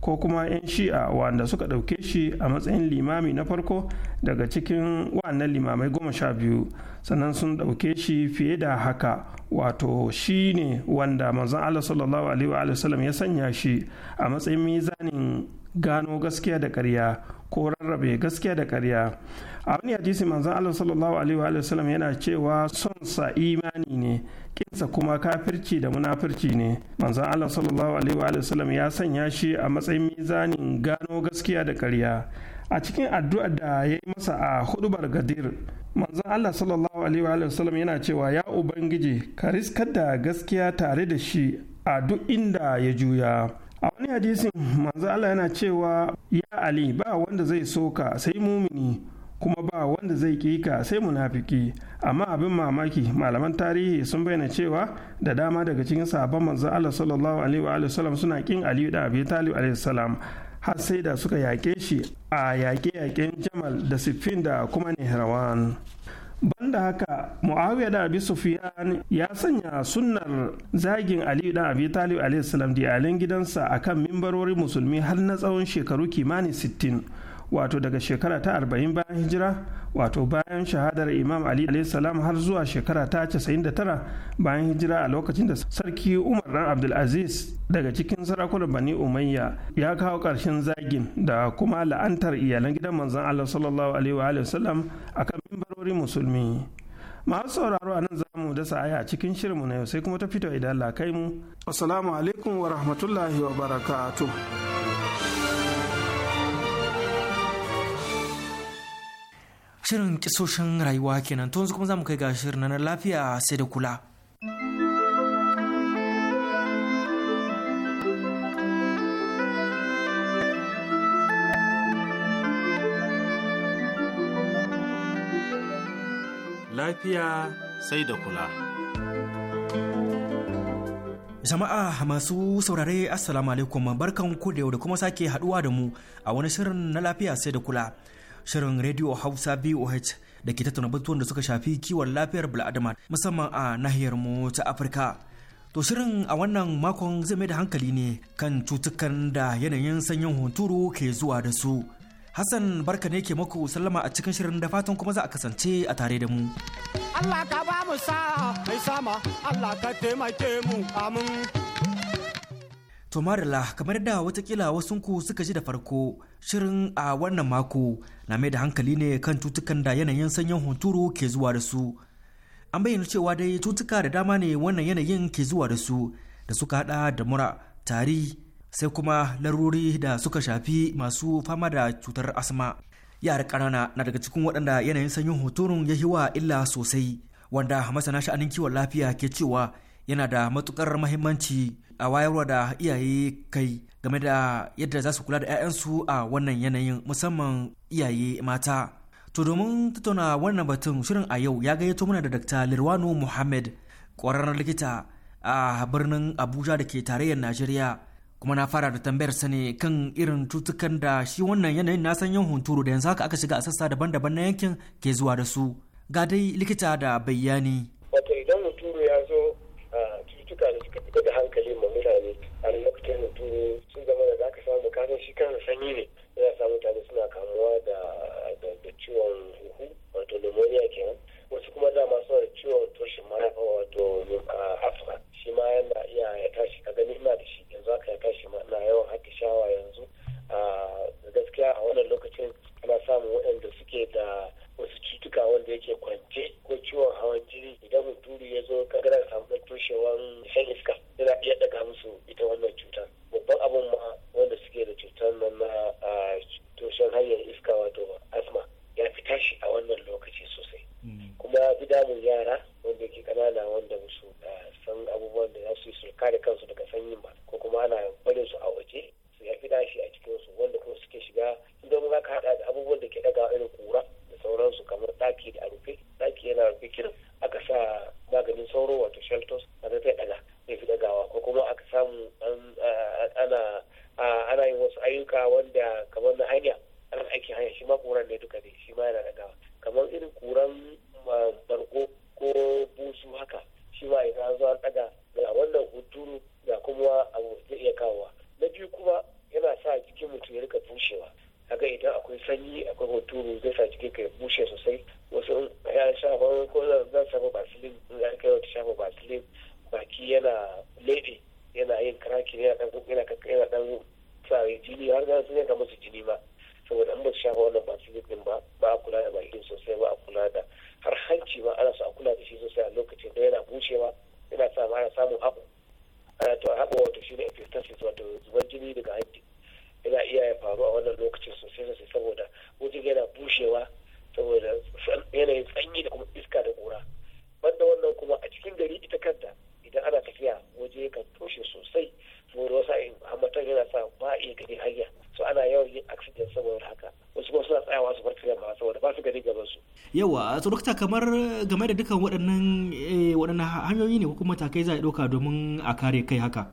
I: ko kuma 'yan shi'a wanda suka ɗauke shi a matsayin limami na farko daga cikin wa'annan limamai goma sha biyu sannan sun ɗauke shi fiye da haka wato shi ne wanda manzon Allah sallallahu alaihi wa sallam ya sanya shi a matsayin mizanin gano gaskiya da ƙarya ko rarrabe gaskiya da ƙarya a wani hadisi manzon Allah sallallahu alaihi wa sallam yana cewa son sa imani ne kinsa kuma kafirci da munafirci ne manzon Allah sallallahu alaihi wa sallam ya sanya shi a matsayin mizanin gano gaskiya da ƙarya a cikin addu'a da ya yi masa a hudubar gadir manzon Allah sallallahu alaihi wa sallam yana cewa ya ubangiji ka riskar da gaskiya tare da shi a duk inda ya juya a wani hadisin manzo Allah yana cewa ya ali ba wanda zai soka sai mumini kuma ba wanda zai kika sai munafiki amma abin mamaki malaman tarihi sun bayyana cewa da dama daga cikin sahabban manzo Allah sallallahu alaihi wa sallam suna kin Aliyu da Abi Talib alaihi salam har sai da suka yaƙe shi a yaƙe-yaƙen Jamal da Siffin da kuma Nehrawan. banda haka muawiya da abi sufiyan ya sanya sunnar zagin aliyu dan abi talib alaihi salam alin gidansa akan mimbarori musulmi har na tsawon shekaru kimanin sittin. wato daga shekara ta 40 bayan hijira wato bayan shahadar imam ali salam har zuwa shekara ta tara bayan hijira a lokacin da sarki umar ɗan abdulaziz daga cikin sarakunan bani umayya ya kawo ƙarshen zagin da kuma la'antar iyalan gidan manzon allah sallallahu alaihi wa sallam kan mimbarorin musulmi masu sauraro a nan zamu dasa aya a cikin shirinmu na yau sai kuma ta fito idan Allah kai mu assalamu alaikum wa rahmatullahi wa barakatuh Shirin
A: kisoshin rayuwa kenan to yanzu kuma za mu kai ga shirin na lafiya sai da kula.
C: Lafiya sai da kula.
A: Jama'a masu saurare Assalamu alaikum barkan ku da yau da kuma sake haduwa da mu a wani shirin na lafiya sai da kula. shirin radio hausa boh da ke tattauna batuwan da suka shafi kiwon lafiyar bil'adama musamman a nahiyar mu ta afirka to shirin a wannan makon zai mai da hankali ne kan cutukan da yanayin sanyin hunturu ke zuwa da su Hassan barka ne ke maku sallama a cikin shirin da fatan kuma za a kasance a tare da mu. Allah ka ba mu sa'a mai sama Allah ka taimake mu amin. To Marila, kamar da watakila ku suka ji da farko, shirin a wannan mako na mai da hankali ne kan cutukan da yanayin sanyin hunturu ke zuwa da su. An bayyana cewa dai cutuka da dama ne wannan yanayin ke zuwa da su, da suka hada da mura, tari, sai kuma larurori da suka shafi masu fama da cutar asma. Yara ƙanana na daga cikin waɗanda yanayin sanyin hunturun ya yi wa illa sosai, wanda masana sha'anin kiwon lafiya ke cewa yana da matukar mahimmanci a wayarwa da iyaye kai game da yadda za su kula da 'ya'yansu a wannan yanayin musamman iyaye mata to domin tattauna wannan batun shirin a yau ya gayyato mana da dr lirwano muhammad ƙwararren likita a birnin abuja da ke tarayyar najeriya kuma na fara da tambayar sa kan irin cutukan da shi wannan yanayin na san yin hunturu da yanzu haka aka shiga a sassa daban-daban na yankin ke zuwa da su ga dai likita da bayani
J: kaga shi kan sanyi ne ya sa mutane suna kamuwa da ciwon huhu wato pneumonia kenan wasu kuma dama suna da ciwon toshin mara wato afra shi ma yana iya ya tashi ka gani ina da shi yanzu haka ya tashi ma ina yawan haka shawa yanzu a gaskiya a wannan lokacin ana samun waɗanda suke da wasu cutuka wanda yake kwance ko ciwon hawan jini idan mutum ya zo kagara samun toshewan shan iska yana iya ɗaga musu ita wannan cutar babban abin ma wanda suke da cutar nan na tushen hanyar iska wato asma ya fi tashi a wannan lokaci sosai mm. kuma bi damun yara wanda ke kanana wanda su san abubuwan da za su yi su kare kansu daga sanyin ba ko kuma ana barin su a waje su ya fi tashi a cikin su wanda kuma suke shiga idan za ka hada da abubuwan da ke daga irin kura da sauransu kamar daki da rufe daki yana rufe kirin aka sa maganin sauro wato shelters a zai daga ya fi dagawa ko kuma aka samu ana yin wasu ayyuka wanda kamar na hanya
K: ana aiki hanya shi
J: ma kuran ne duka ne shi ma yana dagawa kamar irin kuran barko ko busu haka shi ma yana zuwa daga ga wannan hunturu ga kuma abu zai iya kawowa na biyu kuma yana sa jikin mutum ya rika bushewa kaga idan akwai sanyi akwai hunturu zai sa jikin ka ya bushe sosai
A: to kamar eh, game da dukan waɗannan eh, hanyoyi ne ko kuma matakai za a ɗauka domin a kare kai haka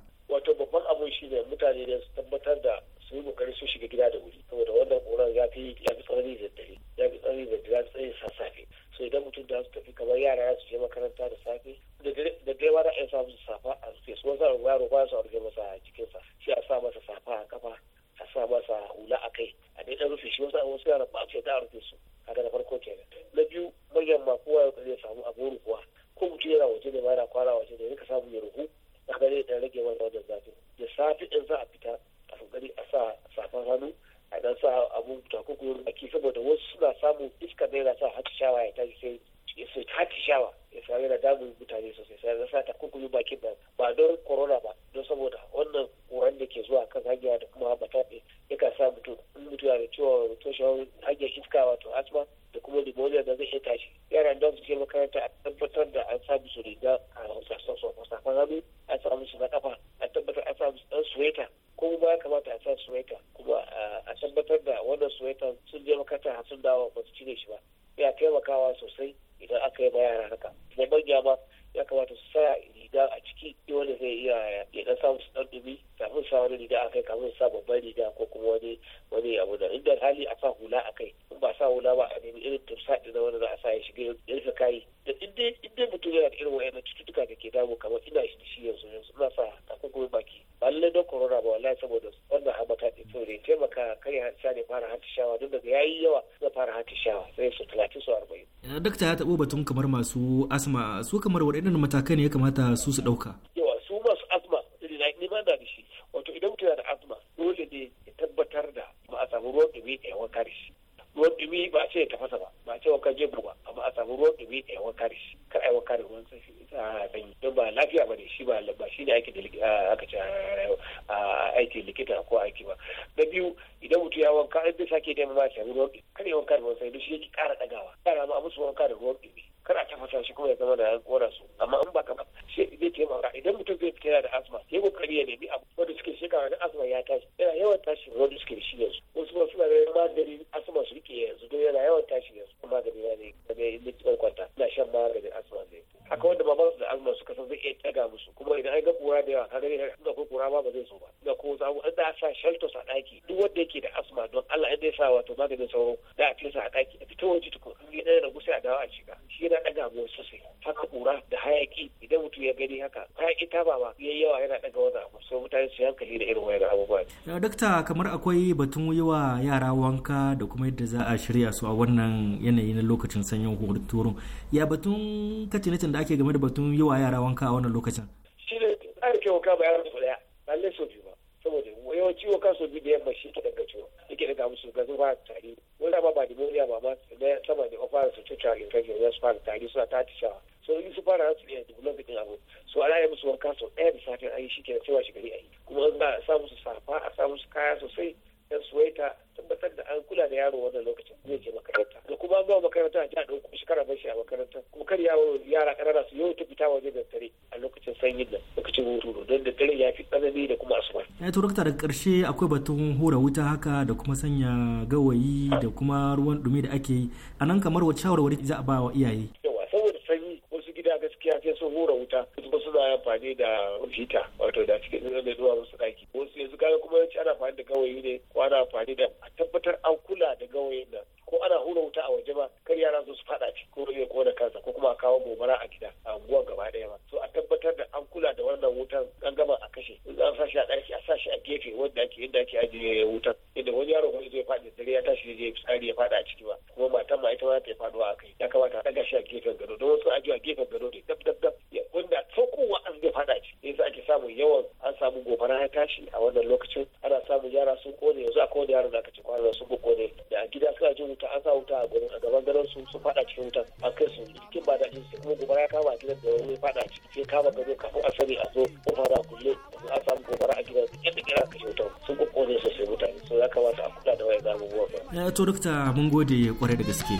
J: yana da su ke makaranta a tabbatar da an sa riga a sassan su a sassan
A: kamar masu asma su kamar waɗannan matakai ne ya kamata su su ɗauka
J: irin wayar abubuwa
A: ne. dakta kamar akwai batun yi wa yara wanka da kuma yadda za a shirya su a wannan yanayi na lokacin sanyin horon ya batun kacinacin da ake game da batun yi wa yara wanka a wannan lokacin.
J: shi ne tsarin ke wanka ba yaran su ɗaya lalle so biyu ba saboda yawanci wanka so biyu da yamma shi ke daga ciwo ke daga musu ga ba tari wani ba ba dimoniya ba ma sama da ofara su cuta infection ya su fara tari suna tatishawa sun yi su fara su iya duk lokacin abu so ana yi musu wanka sau ɗaya da safe an yi shi ke cewa shi gari a yi kuma ba a samu su safa a samu su kaya sosai yan suwaita tabbatar da an kula da yaro wannan lokacin zai je makaranta da kuma an gama makaranta a dauko ɗauko shekara shi a makaranta kuma kar yawo yara ƙanana su yau ta fita waje da dare a lokacin sanyin nan lokacin hutu don da dare ya fi tsanani da kuma asuba.
A: ya eh, to daga karshe akwai batun hura wuta haka da kuma sanya gawayi da kuma ruwan ɗumi da ake yi a nan kamar wacce shawarwari za a ba wa iyaye.
J: wasu hura wuta wasu kuma suna amfani da hita wato da cikin zan da zuwa wasu ɗaki wasu yanzu kaga kuma yawanci ana amfani da gawayi ne ko ana amfani da a tabbatar an kula da gawayin nan ko ana hura wuta a waje ba kar yara su su fada ko ya kona kansa ko kuma a kawo gobara a gida a unguwan gaba daya ba so a tabbatar da an kula da wannan wutan an gama a kashe in an sa shi a ɗaki a sa shi a gefe wanda ake yadda ake ajiye wutan inda wani yaro wani zai faɗi dare ya tashi zai fitsari ya faɗa a ciki ba kuma matan ma ita ma ta yi faɗuwa a kai ya kamata a ɗaga shi a gefen gado don wasu ajiye a gefen gado ne dab dab dab wanda kowa an zai ci ne yasa ake samun yawan an samu gobara ya tashi a wannan lokacin ana samun yara sun kone yanzu a kowane yaro da aka ci kwanan sun kone da a gida suna jin wuta an sa wuta a gurin a gaban gado sauransu su fada cikin wutar a kai su jikin ba daɗi su kuma gobara ya kama gidan da wani fada ciki sai kama gado kafin a a zo kofa a kulle a samu gobara a gidan yadda kira kashe wutar sun kokkone sosai mutane so ya kamata a kula da wayan abubuwa ba.
A: Eh, to dokta mun gode kwarai da gaske.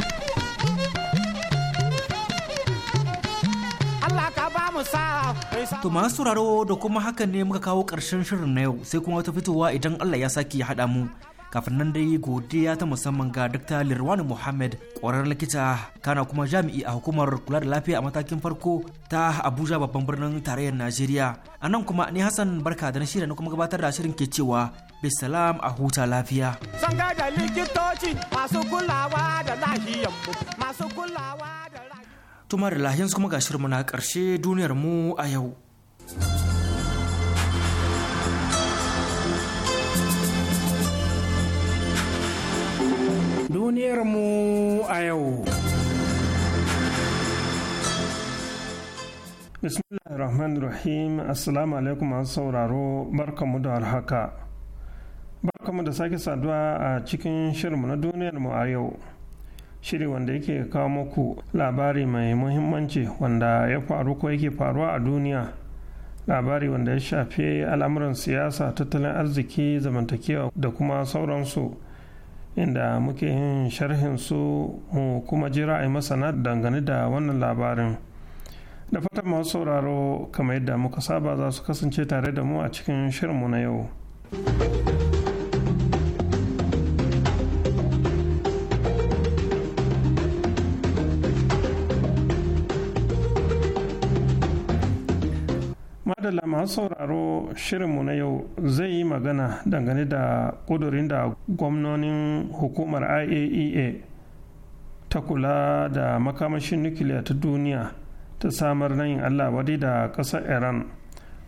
A: To masu sauraro da kuma hakan ne muka kawo ƙarshen shirin na yau sai kuma wata fitowa idan Allah ya sake ya haɗa mu kafin nan dai godiya ta musamman ga Dr. Lirwan Muhammad ƙwararren likita kana kuma jami'i a hukumar kula da lafiya a matakin farko ta Abuja babban birnin tarayyar Najeriya. A nan kuma ni Hassan barka da na shirya na kuma gabatar da shirin ke cewa bisalam a huta lafiya.
G: Zan da likitoci masu kulawa
A: Tumar lahiyansu kuma ga shirma na karshe duniyar mu a yau.
D: Duniyarmu a yau.
I: Bismillah rahman rahim Assalamu alaikum masu sauraro barkamu da haka. Barkamu da sake saduwa a cikin shirinmu na duniyarmu a yau. Shiri wanda yake kawo muku labari mai muhimmanci wanda ya faru ko yake faruwa a duniya. labari wanda ya shafi al'amuran siyasa tattalin arziki zamantakewa da kuma sauransu inda muke yin sharhin su mu kuma jira a masana dangane da wannan labarin da fatan masu sauraro kamar yadda muka saba za su kasance tare da mu a cikin shirinmu na yau. madalla masu sauraro shirinmu na yau zai yi magana dangane da ƙudurin da gwamnonin hukumar iaea e ta kula da makamashin nukiliya ta duniya ta samar na yin allah wadai da ƙasar iran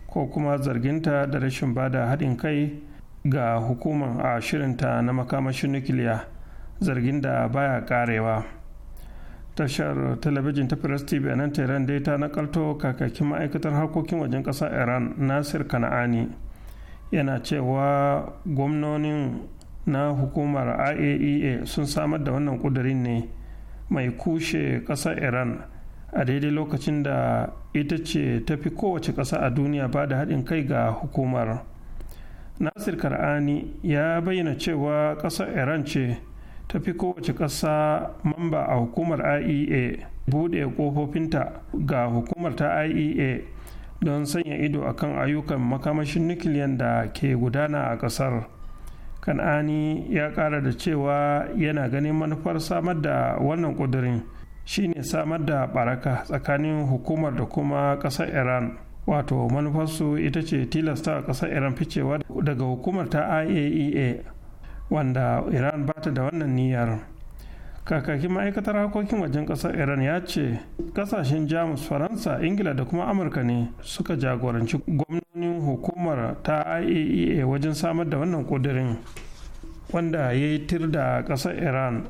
I: ko kuma zarginta da rashin bada haɗin kai ga hukumar a shirinta na makamashin nukiliya zargin da baya ƙarewa. tashar talabijin ta firas tv a nan tehran dai ta nakalto kakakin ma'aikatar harkokin wajen ƙasa iran nasir kana'ani yana cewa gwamnonin na hukumar iaea e sun samar da wannan kudurin ne mai kushe ƙasar iran a daidai lokacin da ita ce ta fi kowace ƙasa a duniya ba da haɗin kai ga hukumar nasir kar'ani ya bayyana cewa ƙasar iran ce ta fi kowace ƙasa mamba a hukumar iea bude ƙofofinta ga hukumar ta iea don sanya ido a kan ayyukan makamashin nukiliyan da ke gudana a ƙasar kan'ani ya ƙara da cewa yana ganin manufar samar da wannan ƙudurin shine samar da baraka tsakanin hukumar da kuma ƙasar iran wato manufarsu ita ce tilasta ƙasar iran ficewa daga hukumar ta iaea wanda iran ba ta da wannan niyyar kakakin ma'aikatar harkokin wajen ƙasar iran ya ce ƙasashen jamus faransa ingila da kuma amurka ne suka jagoranci gwamnonin hukumar ta iaea e wajen samar da wannan ƙudirin wanda ya yi tir da ƙasar iran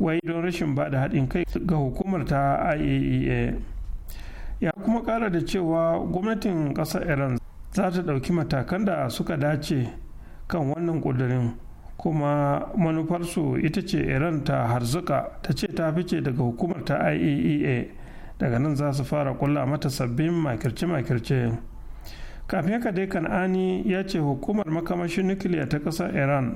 I: wai don rashin ba da haɗin kai ga hukumar ta iaea e ya kuma ƙara da cewa gwamnatin ƙasar iran za ta ɗauki matakan da suka dace kan wannan ƙudurin kuma manufarsu ita ce iran ta harzuka ta ce ta fice daga hukumar ta iaea e daga nan za su fara kulla mata sabbin makirce-makirce kafin ka dai kan'ani ya ce hukumar makamashin nukiliya ta ƙasar iran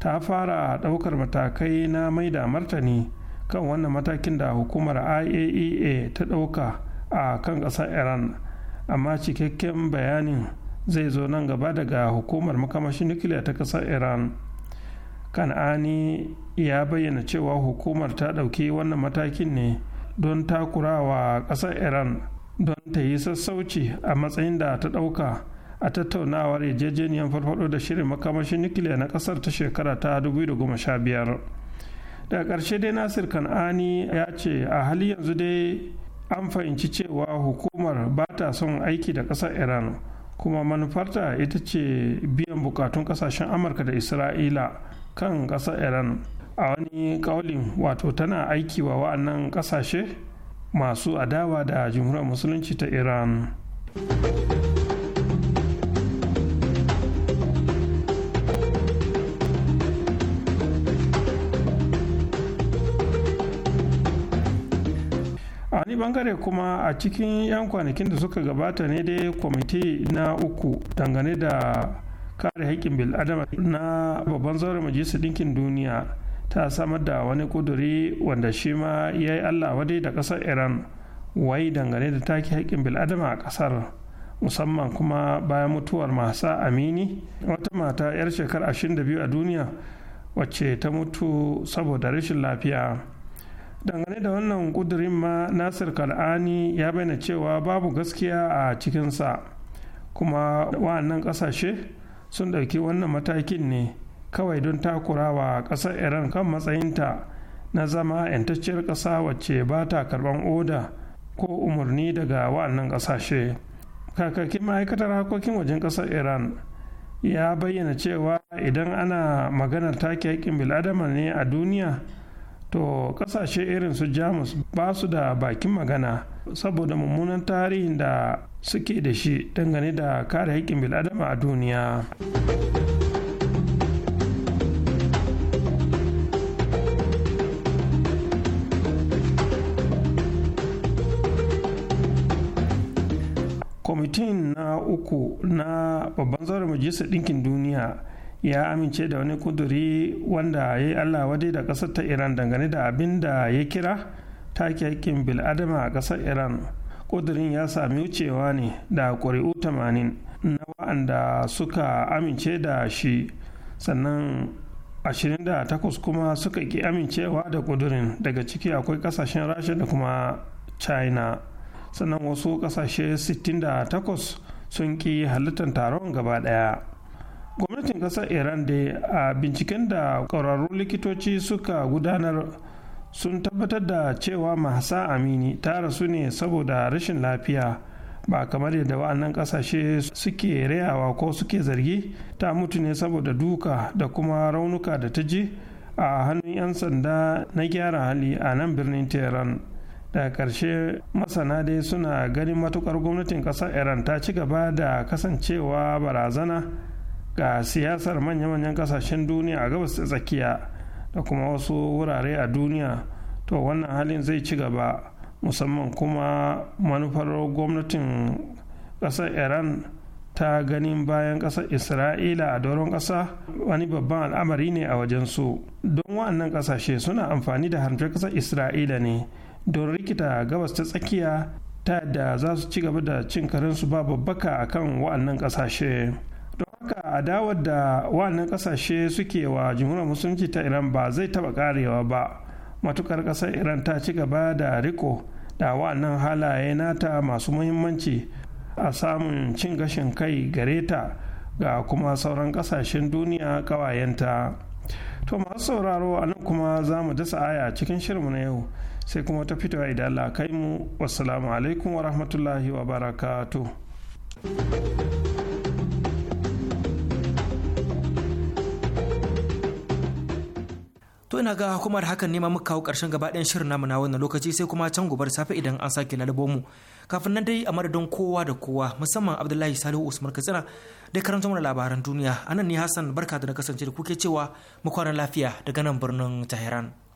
I: ta fara ɗaukar matakai na mai da martani kan wannan matakin da hukumar iaea e ta ɗauka a kan ƙasar iran amma cikakken bayanin zai zo nan gaba daga hukumar makamashin nukiliya ta ƙasar iran kan'ani ya bayyana cewa hukumar ta ɗauki wannan matakin ne don takurawa ƙasar iran don ta yi sassauci a matsayin da ta ɗauka a tattaunawar yajejeniyar farfado da shirin makamashin nukiliya na ƙasar ta shekara ta 2015 daga ƙarshe dai nasir kan'ani ya ce a hali yanzu dai an fahimci cewa hukumar ba ta son aiki da ƙasar iran kuma manufarta ita ce biyan bukatun ƙasashen amurka da isra'ila kan ƙasar iran a wani kaulin wato tana aiki wa wa'annan ƙasashe masu adawa da jumhuriyar musulunci ta iran wani bangare kuma a cikin 'yan kwanakin da suka gabata ne dai kwamiti na uku dangane da kare haƙƙin bil'adama na babban zauren majalisar ɗinkin duniya ta samar da wani ƙuduri wanda shi ma ya yi allah wadai da ƙasar iran wai dangane da take haƙƙin bil'adama a ƙasar musamman kuma bayan mutuwar masa amini wata mata 'yar shekara 22 a duniya wacce ta mutu saboda rashin lafiya dangane da wannan ƙudurin ma nasir kal'ani ya bayyana cewa babu gaskiya a cikinsa kuma wa'annan ƙasashe sun ɗauki wannan matakin ne kawai don takurawa ƙasar iran kan matsayinta na zama 'yantacciyar ƙasa wacce ba ta oda ko umarni daga wa'annan ƙasashe kakakin ma'aikatar harkokin wajen ƙasar iran ya bayyana cewa idan ana maganar take haƙƙin bil'adama ne a duniya to ƙasashe irin su jamus ba su da bakin magana saboda mummunan tarihin da suke da shi dangane da kare haƙƙin bil'adama a duniya kwamitin na uku na babban zaure majalisar ɗinkin duniya ya amince da wani kuduri wanda ya yi allah wadai da ƙasar ta iran dangane da abin da ya kira take haƙƙin bil'adama a ƙasar iran ƙudurin ya sami wucewa ne da ƙuri'u 80 na wa'anda suka amince da shi sannan 28 kuma suka ƙi amincewa da ƙudurin daga ciki akwai ƙasashen rasha da kuma china sannan wasu ƙasashe 68 sun ƙi halittar taron gaba ɗaya gwamnatin ƙasar iran da a binciken da ƙwararrun likitoci suka gudanar sun tabbatar da cewa mahasa amini ta rasu ne saboda rashin lafiya ba kamar yadda wa'annan kasashe suke rayawa ko suke zargi ta mutu ne saboda duka da kuma raunuka da ta ji a hannun 'yan sanda na gyara hali a nan birnin tehran da karshe masana dai suna ganin matukar gwamnatin ƙasar iran ta ci gaba da kasancewa barazana ga siyasar manya-manyan ƙasashen duniya a gabas tsakiya da kuma wasu wurare a duniya to wannan halin zai ci gaba musamman kuma manufar gwamnatin ƙasar iran ta ganin bayan ƙasar isra'ila a doron ƙasa wani babban al'amari ne a wajensu don wa'annan ƙasashe suna amfani da harfe ƙasar isra'ila ne don rikita gabas ta tsakiya ta yadda za su ci gaba da cin karinsu ba babbaka kan wa'annan ƙasashe. haka adawar da wannan kasashe suke wa jamhuriyar musulunci ta iran ba zai taba karewa ba matukar kasar iran ta ci gaba da riko da wannan halaye nata masu muhimmanci a samun cin gashin kai gare ta ga kuma sauran kasashen duniya kawayenta to masu sauraro a nan kuma za mu dasa aya cikin shirinmu na yau sai kuma ta fitowa idan Allah kai mu wassalamu alaikum wa rahmatullahi wa barakatuh
A: ina ga hukumar hakan nema muka kawo karshen ɗayan shirin namu na wannan lokaci sai kuma can gobar safe idan an sake lalubo mu kafin nan dai a madadin kowa da kowa musamman abdullahi salihu usman katsina da karanta mana labaran duniya anan ne hassan barka da na kasance da kuke cewa mu kwana lafiya daga nan birnin tehran